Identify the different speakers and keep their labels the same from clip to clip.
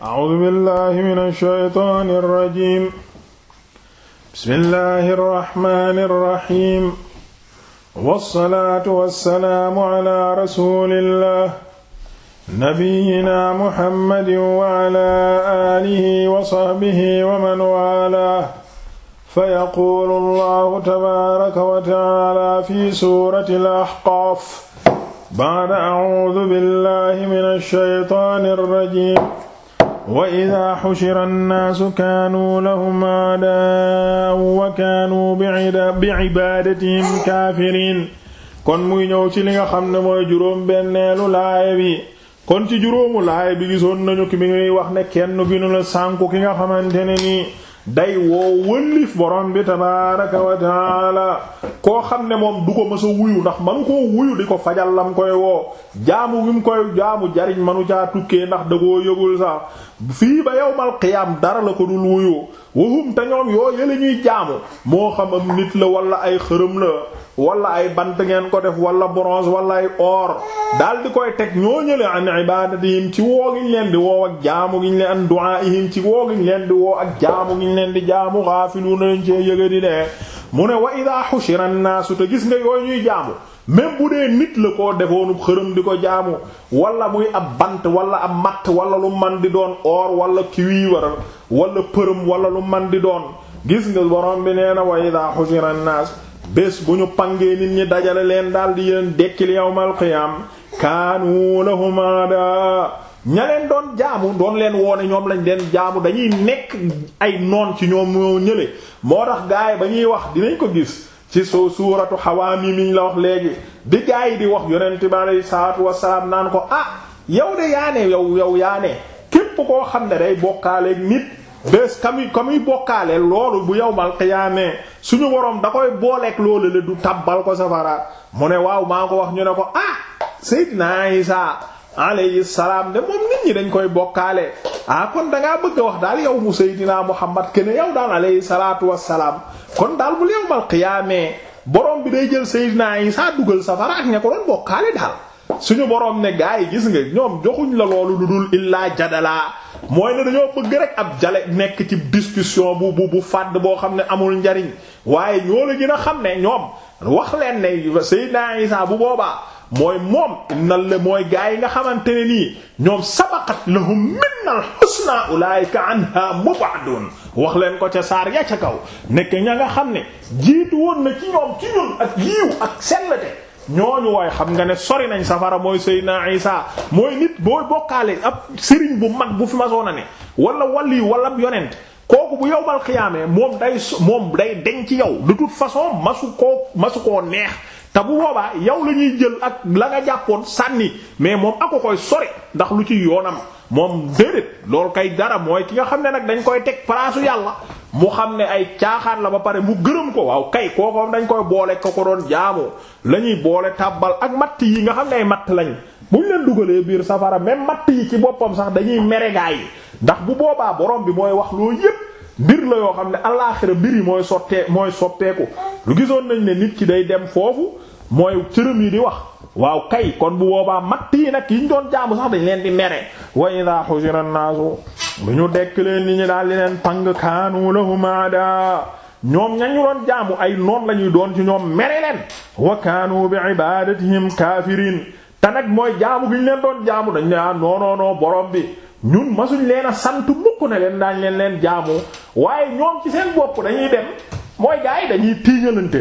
Speaker 1: A'uuzu billaahi mina shaytaani rajiim. Bismillaahi rahmaani rahiim. Wassalaatu wassalaamu alaa rasuulillaah. Nabiyyinaa Muhammadin wa alaa aalihi wa sahbihi wa man waalaah. Fayaquulu Allaahu tabaaraka wa ta'aalaa fi suuratil Ahqaaf. Ba'da a'uuzu billaahi mina shaytaani rajiim. wa idaa xushira annaasu kaanuu lahum aadaan wa kaanuu bi ibaadatihim kaafiriin kon muy ñëw ci li nga xam ne mooy juróom benneelu laaya bi kon ci juróomu laaya bi gisoon nañu ki bi ngay wax ne kenn ginu la sànku ki nga xamante ne nii day woo wëllif borom bi tabaaraka wa koo xam ne moom du ko mës wuyu ndax man koo wuyu di ko fajal lam koy woo jaamu gi koy jaamu jariñ manu caa tukkee ndax da koo yëgul sax fii ba yawmal qiyaam dara la ko dul wuyu wahum te ñoom yoo yële ñuy jaamu moo xamam nit la wala ay xërëm la wala ay bant ngeen ko def wala bronze wala ay or daal di koy teg ñoo ñële an ibadatihim ci woo giñ leen di woo ak jaamu giñ leen an du'aihim ci woo giñ leen di woo ak jaamu giñ leen di jaamu xaafiluuna lañ cee yëga di ne mu ne wa ida xushira naasu te gis nga yooyu ñuy jaamu même bu dee nit la koo defoonub xërëm di ko jaamu walla muy ab bant wala ab matt wala lu man di doon or wala kiwiiwar wala përëm wala lu man di doon gis nga borom bi nee na wa ida xushira bés bu ñu pangee nit ñi dajale leen daal di yeen dekkil yawmal qiyaam kaanu lahum ña doon jaamu doon leen woone ñoom lañ leen jaamu dañuy nekk ay noon ci ñoom ñoo ñële moo tax gaay ba ñuy wax dinañ ko gis ci soo suuratu xawaami miñ la wax léegi bi gaay di wax yonent bi alayhi salaatu wassalaam naan ko ah yow de yaane yow yow yaane képp koo xam ne day bokkaaleeg nit bés kamuy kamuy bokkaale loolu bu yowmal qiyaamee suñu boroom da koy booleeg loolu la du tabbal ko safara mu ne waaw maa ko wax ñu ne ko ah Seydina Isaa alayhi salaam de moom nit ñi dañ koy bokkaale ah kon da ngaa bëgg a wax daal yow mu Seydina Muhammad kene yow daal alayhi salaatu wassalaam kon daal bu yawmal qiyaamee borom bi day jël Seydina Isa dugal safara ak ña ko doon bokkaale daal suñu borom ne gaa yi gis nga ñoom joxuñ la loolu lu dul illaa jadalaa mooy ne dañoo bëgg rek ab jale nekk ci discussion bu bu bu fàdd boo xam ne amul njariñ waaye ñoo la gën a xam ne ñoom wax leen ne Seydina Isa bu boobaa. mooy moom innal la mooy gaa yi nga xamante ne nii ñoom sabaqat lahum minnal husna ulaika anha mubadun wax leen ko ca saar ya ca kaw nekk ña nga xam ne jiitu woon na ci ñoom ci ñun ak yiiw ak sellte ñooñu waaye xam nga ne sori nañ safara mooy Seydina Isa mooy nit booy bokkaale ab sëriñ bu mag bu fi ma soona ne wala wali wala yonent kooku bu yowmal xiyaamee moom day moom day deñ ci yow de façon masu koo masu koo neex te bu boobaa yow la ñuy jël ak la nga jàppoon sànni mais moom ako koy sori ndax lu ci yoonam moom déedéet loolu kay dara mooy ki nga xam ne nag dañ koy teg palaasu yàlla mu xam ne ay caaxaan la ba pare mu gërëm ko waaw kay kookoom dañ koy boole ko ko doon jaamu la ñuy boole tàbbal ak matt yi nga xam ne ay matt lañ bu ñu leen dugalee biir safara même matt yi ci boppam sax dañuy mere gaa yi ndax bu boobaa borom bi mooy wax loo yépp mbir la yoo xam ne alaaxira mbir yi mooy sottee mooy soppeeku lu gisoon nañ ne nit ki day dem foofu mooy cërëm yi di wax waaw kay kon bu boobaa matt yi nag yiñ doon jaamu sax dañ leen di mere wa ida xusira naasu bu ñu dekk leen ni ñu daal di leen pang kaanu lahum ada ñoom ñañu doon jaamu ay noon la ñuy doon ci ñoom mere leen wa kaanu bi ibadatihim kaafiriin te nag mooy jaamu gi ñu leen doon jaamu dañ ne ah non non non bi ñun masuñ leen a sant mukk ne leen daañ leen leen jaamu waaye ñoom ci seen bopp dañuy dem mooy gars yi dañuy tiiñalante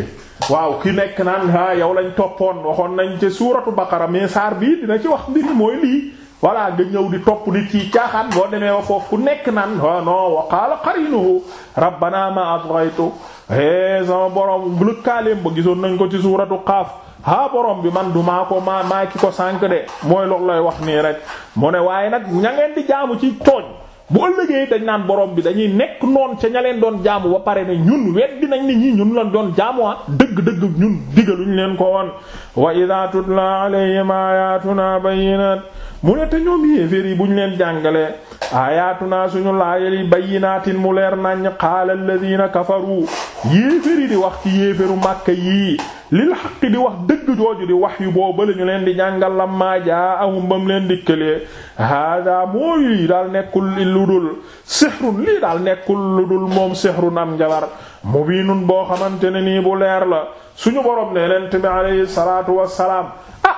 Speaker 1: waaw ki nekk naan a yow lañ toppoon waxoon nañ ci suuratu baqara mais saar bii dina ci wax mbir mooy lii voilà nga ñëw di topp di ci caaxaan boo demee wa ku nekk naan wa non wa qaala qarinuhu rabbana ma adghaytu é sama borom lëkkaaleem ba gisoon nañ ko ci suuratu qaaf ha borom bi man du maa ko maa maa ki ko sànk de mooy loolu lay wax nii rek mu ne waaye nag ña ngeen di jaamu ci tooñ bu ëllëgee dañ naan boroom bi dañuy nekk noon ca leen doon jaamu ba pare ne ñun weddi nañ ni ñi ñun lañ doon jaamuwaat ah. dëgg-dëgg ñun digaluñ leen ko woon wa idha tutla alayhim ayatuna bayyinat mu ne te ñoom yéeféer yi bu ñu leen jàngalee aayatunaa suñu laayali bayyinaatin mu leer naññ qaala alladina kafaru yéeféer di wax ci yéeféeru màkka yii lil xaq di wax dëgg jooju di wax yu boo la ñu leen di jàngal la maa jaa ahum bam leen dikkalee hada mooy lii daal nekkul lu dul sihrun lii daal nekkul lu dul moom sihrun am njabar mubiinun boo xamante ne nii bu leer la suñu borom ne leen bi alayhi salaatu wassalaam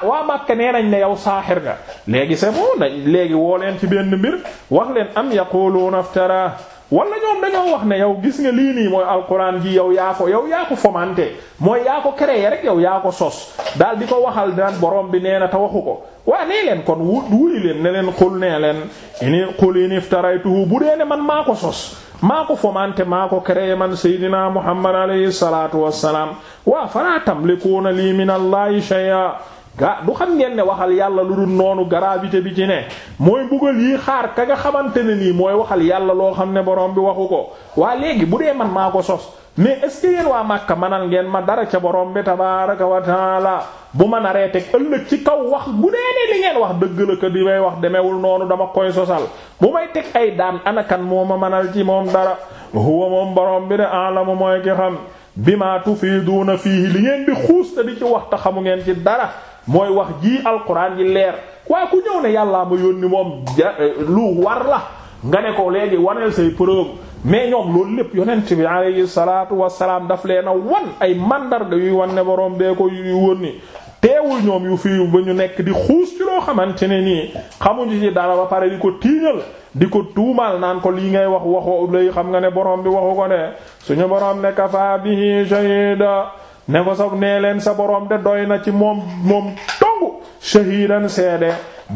Speaker 1: waa Makka nee nañ ne yow saaxir nga léegi c'est bon dañ léegi woo leen ci benn mbir wax leen am yaquluuna iftara wala ñoom dañoo wax ne yow gis nga lii nii mooy alquran ji yow yaa ko yow yaa ko fomante mooy yaa ko rek yow yaa ko sos dal di ko waxal daan borom bi nee na te waxu ko waa nee leen kon wut wuri leen ne leen xul nee leen ini xul ini bu dee man maa ko sos maa ko fomante maa ko créé man seydina muhammad alayhi salatu wassalam waa fala tamlikuuna lii ga du xam ngeen ne waxal yàlla lu dul noonu gravité bi ci ne mooy mbugal yi xaar ka nga xamante ne nii mooy waxal yàlla loo xam ne borom bi waxu ko waa léegi bu dee man maa ko sos mais est-ce que yéen waa Màkka manal ngeen ma dara ca borom bi tabaaraka wa taala bu ma naree teg ëllëg ci kaw wax bu dee ne li ngeen wax dëgg la ko di may wax demewul noonu dama koy sosal bu may teg ay daan anakan moo ma manal ci moom dara huwa moom borom bi de alamu mooy ki xam bi maa tufiiduuna fiihi li ngeen xamu ngeen ci dara. mooy wax jii alquran yi leer waaye ku ñëw ne yàllaa ma yónni moom eh, lu war la nga ne ko léegi waneel say preuve mais ñoom loolu lépp yonent bi alayhi salaatu wasalaam daf leen a wan ay mandarga yuy wan ne borom bee ko yuy wónni teewul ñoom yu fi ba ñu nekk di xuus ci loo xamante ne nii xamuñu ci dara ba pare di ko tiiñal di ko tuumaal naan ko lii ngay wax waxoo lay xam nga ne borom bi waxu ko ne suñu borom ne kafa bihi shahida ne ko soog nee leen sa boroom de doy na ci moom moom tongu shahidan seede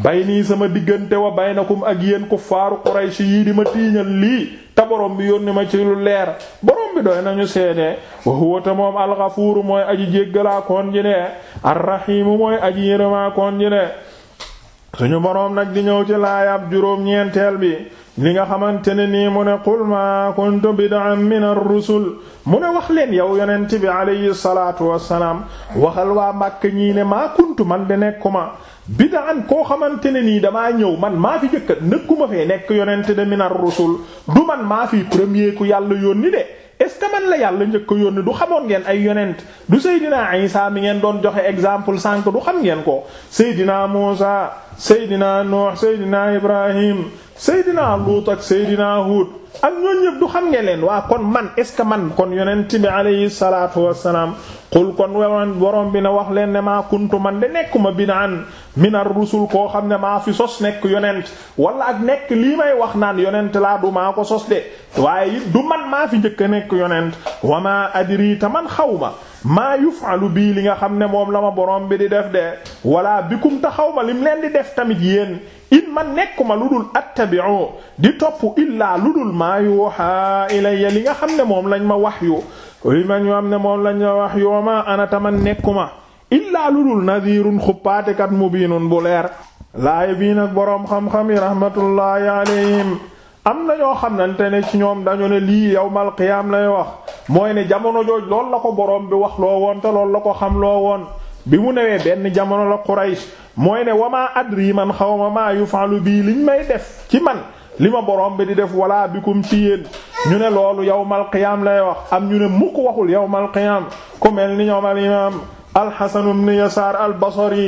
Speaker 1: bay nii sama diggante wa baynakum ak yéen kuffaaru Quraysh yii di ma tiiñal lii te borom bi yónni ma ci lu leer borom bi doy nañu seede wa huwa moom alxafuuru mooy aji jéggalaa koon ji ne arrahiimu mooy aji yërëmaa koon suñu boroom nag di ñëw ci laayab juróom-ñeenteel bi li nga xamante ne nii mu ne qul ma kuntu bid'an min ar-rusul mu ne wax leen yow yonent bi alayhi salaatu wassalaam waxal waa Màkka ñii ne maa kuntu man de nekkuma bid'an koo xamante ne nii damaa ñëw man maa fi jëkka nëkkuma fee nekk yonent de min ar-rusul du man maa fi premier yàlla yónni de est-ce que man la yàlla njëkk a yónni du xamoon ngeen ay yonent du Seydina Isa mi ngeen doon joxe exemple sànq du xam ngeen ko Seydina Muusa Seydina Nuux Seydina Ibrahim Seydina Luut ak Seydina Huud ak ñooñ ñëpp du xam ngeen leen waa kon man est ce que man kon yonent bi alayhi salaatu wassalaam xul kon wewan borom bi ne wax leen ne maa kuntu man de nekkuma binaan minar rusul koo xam ne maa fi sos nekk yonent wala ak nekk lii may wax naan yonent laa du maa ko sos de waaye it du man maa fi njëkk a nekk yonent wa maa adri man xaw ma maa yufalu bii li nga xam ne moom la ma borom bi di def de wala bikum taxaw ma lim leen di def tamit yéen in ma nekku ma lu dul attabi'u di topp illaa lu dul maa yuha ilayya li nga xam ne moom lañ ma wax yu li ma ñu ne moom lañ ma wax yoo ma ana tama nekkuma illaa lu dul nadirun xuppaatekat mubiinun bu leer laaye bii nag boroom xam-xam yi rahmatullahi alayhim am na ñoo xamante ne ci ñoom dañu ne lii yawmal qiyaam lay wax mooy ne jamono jooj loolu la ko boroom bi wax loo woon te loolu la ko xam loo woon bi mu newee benn jamono la Quraysh mooy ne wamaa adri man xaw ma maa yufalu bii liñ may def ci man li ma boroom bi di def walaa bikum ci yéen ñu ne loolu yawmal qiyaam lay wax am ñu ne mukk waxul yawmal qiyaam ku mel ni ñoom al imaam alxasanu ibn yasaar albasari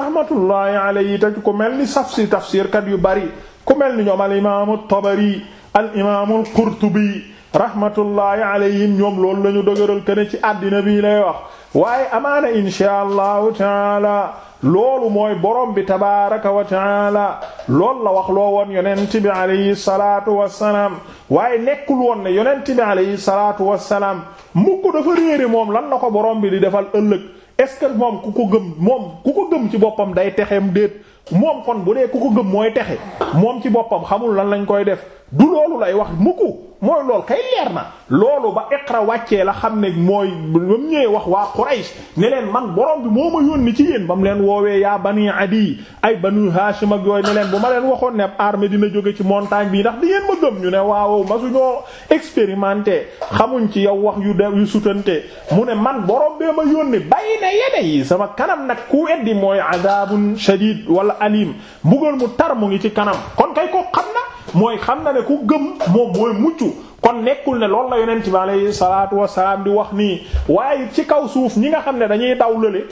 Speaker 1: rahmatullahi alayhi te ku mel ni safsi tafsirkat yu bari ku mel ni ñoom al imaamu tabari al imaamu alqurtubi rahmatullahi alayhim ñoom loolu la ñu dëgëral ken ci àddina bi lay wax waaye amaana inshaa allahu taala loolu mooy borom bi tabaraka wa taala loolu la wax loo woon yonent bi alayhi salaatu wassalaam waaye nekkul woon ne yonent bi alayhi salaatu wassalaam mukk moom lan la ko borom bi di defal ëllëg est-ce que moom ku ko gëm moom ku ko gëm ci boppam day texeem déet moom kon bu dee ku ko gëm mooy texe moom ci boppam xamul lan lañ koy def du loolu lay wax mukku mooy lool kay leer na loolu ba Iqra wàccee la xam ne mooy ba mu ñëwee wax waa Quraysh ne man borom bi moo ma yónni ci yéen ba mu leen woowee yaa bani Adi ay banu Hashim ak yooyu ne bu ma leen waxoon ne armée dina jóge ci montagne bi ndax ko gëm ñu ne waaw masuñoo expérimenté xamuñ ci yow wax yu de yu sutante mu ne man borom bee ma yónni bay na yene yi sama kanam nag ku weddi mooy adabun shadid wala alim buggoon mu tar mu ngi ci kanam kon kay ko xam na mooy xam na ne ku gëm moom mooy mucc kon nekkul ne loolu la yonent ma alayhi salaatu wasalaam di wax nii waaye ci kaw suuf ñi nga xam ne dañuy daw lële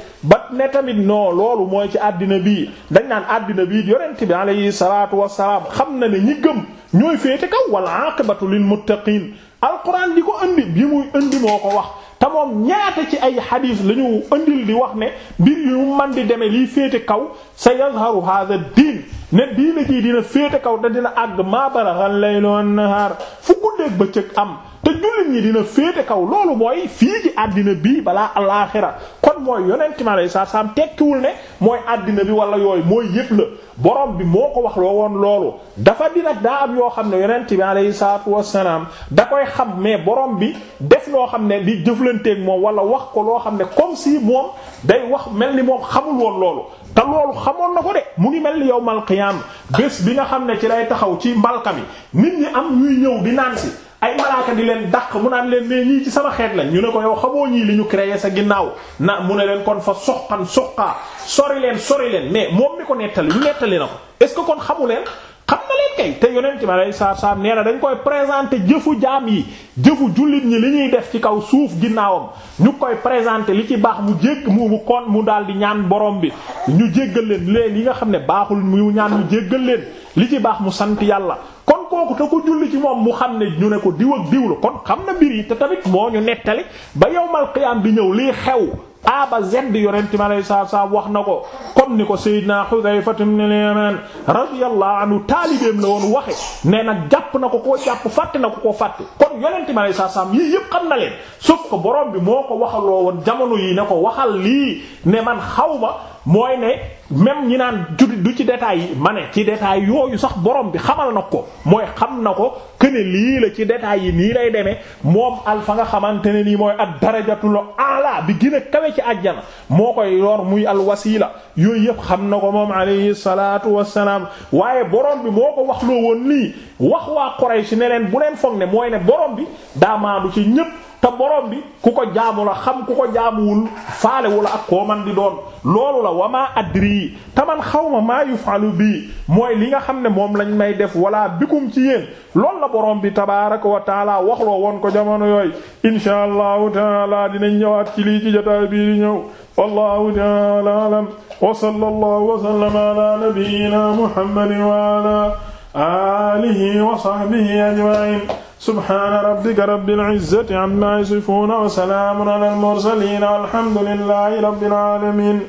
Speaker 1: ne tamit non loolu mooy ci àddina bii dañ naan àddina bii yonent bi alayhi salaatu wassalaam xam na ne ñi gëm ñooy féete kaw wal aqibatu lil muttaqiin alquran di ko indi bi muy ëndi moo ko wax te moom ñaata ci ay xadiis lañu ñu indil di wax ne mbir yu man di demee liy féete kaw sa yazharu hadha diin ne diine jii dina féete kaw te dina àgg maa baraxal laylu wan nahaar fu ba bëccëg am te jullit ñi dina féete kaw loolu mooy fii ci àddina bii balaa alaaxira kon mooy yonent mi alayhi salaatu salaam tekkiwul ne mooy àddina bi wala yooyu mooy yëpp la borom bi moo ko wax loo woon loolu dafa di daa am yoo xam ne yonent bi alayhi salaatu wassalaam da koy xam mais borom bi def loo xam ne di jëflanteeg moom wala wax ko loo xam ne comme si moom day wax mel ni moom xamul woon loolu te loolu xamoon na ko de mu ngi mel ni yawmal qiyaam bés bi nga xam ne ci lay taxaw ci mbalka mi nit ñi am ñuy ñëw bi naan si ay malaaka di leen dàq mu naan leen mais ñii ci sama xeet lañ ñu ne ko yow xamoo ñii li ñu créé sa ginnaaw na mu ne leen kon fa soqan soqaa sori leen sori leen mais moom mi ko nettali ñu nettali na ko est ce que kon xamu leen xam na leen kay te yonent ma lay saar saar nee na dañ koy présenter jëfu jaam yi jëfu jullit ñi li ñuy def ci kaw suuf ginnaawam ñu koy présenter li ci baax mu jégg mu kon mu daal di ñaan borom bi ñu jéggal leen léeg yi nga xam ne baaxul mu ñaan mu jéggal leen li ci baax mu sant yàlla kon kooku te ko julli ci moom mu xam ne ñu ne ko diw ak diw kon xam na mbir yi te tamit moo ñu nettali ba yowmal qiyaam bi ñëw liy xew A ba Z yonent mi alayhi salaatu salaam wax na ko comme ni ko Seydina Hudhayfa ibn al-Yaman radiyallahu anhu taalibeem la woon waxe nee na jàpp na ko koo jàpp fàtte na ko koo fàtte kon yonent mi saam salaatu salaam yëpp xam na leen sauf que borom bi moo ko waxaloo woon jamono yi ne ko waxal lii ne man xaw ma mooy ne. même ñi naan du ci détails yi ma ne ci détails yooyu sax borom bi xamal na ko mooy xam na ko que ne lii la ci détails yi nii lay demee moom al nga xamante ne nii mooy ad darajatul ala bi gën a kawe ci àjjana moo koy yor muy al wasila yooyu yëpp xam na ko moom alayhi salaatu wassalaam waaye borom bi moo ko wax loo woon lii wax waa Quraysh ne leen bu leen foog ne mooy ne borom bi daa ci ñëpp. te borom ku ko jaamu la xam ku ko jaamuwul faale wu la ak man di doon loolu la wamaa adri te man xaw ma maa yufalu bii mooy li nga xam ne moom lañ may def walaa bikum ci yéen loolu la bi tabaaraka wa taala waxloo woon ko jamono yooyu insha allahu taala dinañ ñëwaat ci lii ci jotaay bii di ñëw wallahu taala alam wa sallallahu wa sallama ala nabiyyina muhammadin wa ala wa sahbihi ajma'in subhaana rabbika rabbil izzati amma yasifuuna wa salaamun alal mursaliin walhamdu lillaahi rabbil aalamiin